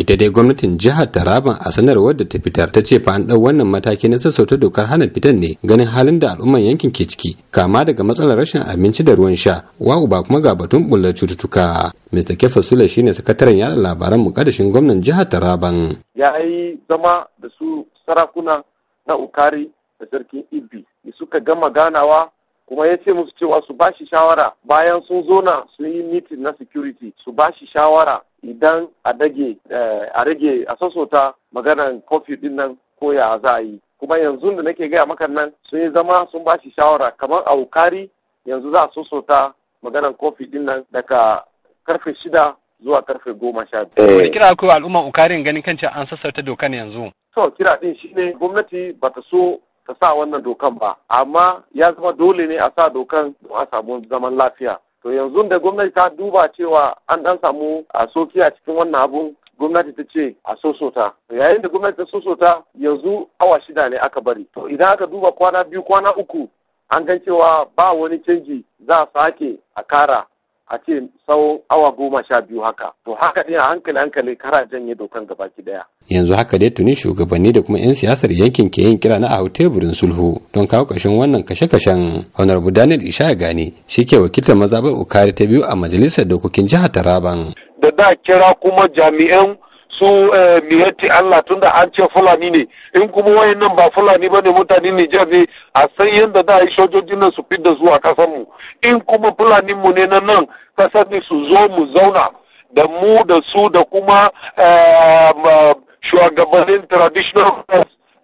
ita dai gwamnatin jihar taraban a sanarwar da ta fitar ta ce fa an ɗau wannan mataki na sassauta dokar hana fitan ne ganin halin da al'umman yankin ke ciki kama daga matsalar rashin abinci da ruwan sha wa uba kuma ga batun bullar cututtuka mr kefa sule shine sakataren yada labaran mukaddashin gwamnan jihar taraban ya yi zama da su sarakuna na ukari da sarkin ibi da suka gama ganawa kuma ya ce musu cewa su bashi shawara bayan sun zo na sun yi mitin na security su bashi shawara idan eh, a rage a sassota maganar kofi din nan ko za a yi kuma yanzu da nake gaya maka nan sun yi zama sun ba shi shawara kamar a wukari yanzu za a sassota maganar kofi din nan daga karfe shida zuwa karfe goma sha biyu. Eh. kira ko al'umman ukarin ganin kanci an sassauta dokan yanzu. To kira din shine gwamnati ba ta so ta sa wannan dokan ba amma ya zama dole ne a sa dokan don a samu zaman lafiya. to yanzu da gwamnati ta duba cewa an dan samu a ah, soki a cikin wannan abun gwamnati ta ce a sosota yayin da gwamnati ta sosota yanzu awa shida ne aka bari to idan aka duba kwana biyu kwana uku an gan cewa ba wani canji za a sake a kara a ce tsawon awa goma sha biyu haka to haka a hankali hankali kara janye dokan gaba ki daya yanzu haka dai tuni shugabanni da kuma 'yan siyasar yankin ke yin kira na a teburin sulhu don kawo kashin wannan kashe-kashen honorable daniel ishaya Gane, shi ke wakiltar mazabar ukari ta biyu a majalisar dokokin jihar taraban da da kira kuma jami'an su eh, miyati Allah tunda an ce Fulani ne in kuma wayan nan ba Fulani ba ne mutane Nijar ne a san yadda za a yi sojojin nan su fidda zuwa kasar mu in kuma Fulani mu ne na nan kasar ne su zo mu zauna da mu da su da kuma eh, shugabannin traditional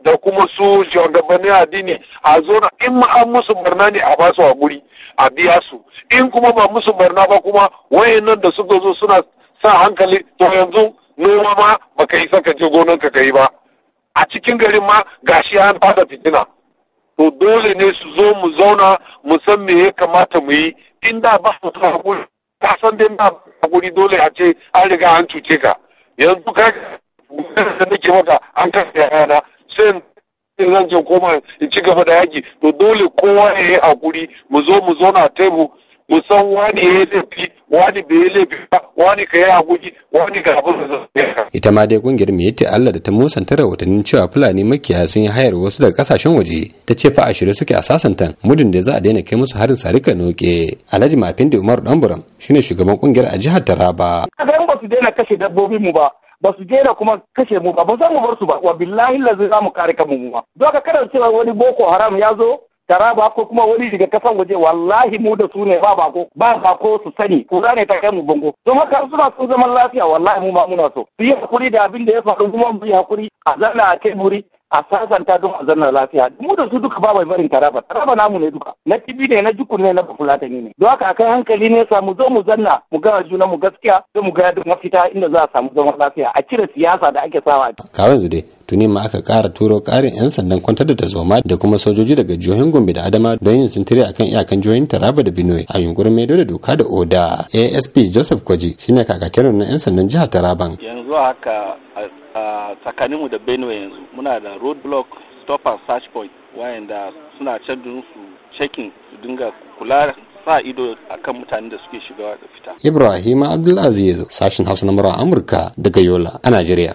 da kuma su shugabannin addini a zona in ma an musu barna ne a ba su guri a biya su in kuma ba musu barna ba kuma wayan nan da suka zo suna sa hankali to yanzu noma ma baka isa ka je gonan ka kai ba a cikin garin ma gashi an fada fitina to dole ne su zo mu zauna mu san me ya kamata mu yi in da ba su ta hakuri ka san dai ba hakuri dole a ce an riga an cuce ka yanzu ka da nake maka an kasa yana sai in zan je koma in ci gaba da yaki to dole kowa ya yi hakuri mu zo mu zauna a tebur mu san wani ya yi laifi wani bai laifi ba wani ka yi haƙuri wani ka abin da ita ma dai kungiyar mai yadda Allah da ta musanta rahotannin cewa Fulani makiyaya sun yi hayar wasu daga kasashen waje ta ce fa a suke a sasantan mudun da za a daina kai musu harin sarika noke Alhaji Mafindi Umar Danburam shine shugaban kungiyar a jihar Taraba kasan ba su daina kashe dabbobin mu ba ba su daina kuma kashe mu ba ba za mu bar su ba wa billahi lazi za mu kare kanmu ba Zo ka cewa wani boko haram ya zo taraba ko kuma wani daga kasan waje wallahi mu da su ne ba bako ba bako su sani kura ne ta kai mu bango don haka suna son zaman lafiya wallahi mu ma muna so su yi hakuri da abin da ya faru kuma mu yi hakuri a zana a teburi a sasanta don a zanna lafiya mu da su duka ba barin taraba taraba namu ne duka na tibi ne na jukun ne na bafulatani ne don haka kai hankali ne samu mu zo mu zanna mu gaya juna mu gaskiya don mu gaya duk mafita inda za a samu zaman lafiya a cire siyasa da ake sawa kawai zude tuni ma aka kara turo karin yan sandan kwantar da tazoma da kuma sojoji daga jihohin gombe da adama don yin sintiri akan iyakan jihohin taraba da benue a yunkurin maido da doka da oda asp joseph kwaji shine kakakin na yan sandan jihar taraban yanzu haka a tsakaninmu da benue yanzu muna da road block stop and search point wayanda suna can su checking su dinga kula sa ido akan mutanen da suke shiga da fita ibrahim abdulaziz sashin hausa na mura amurka daga yola a nigeria.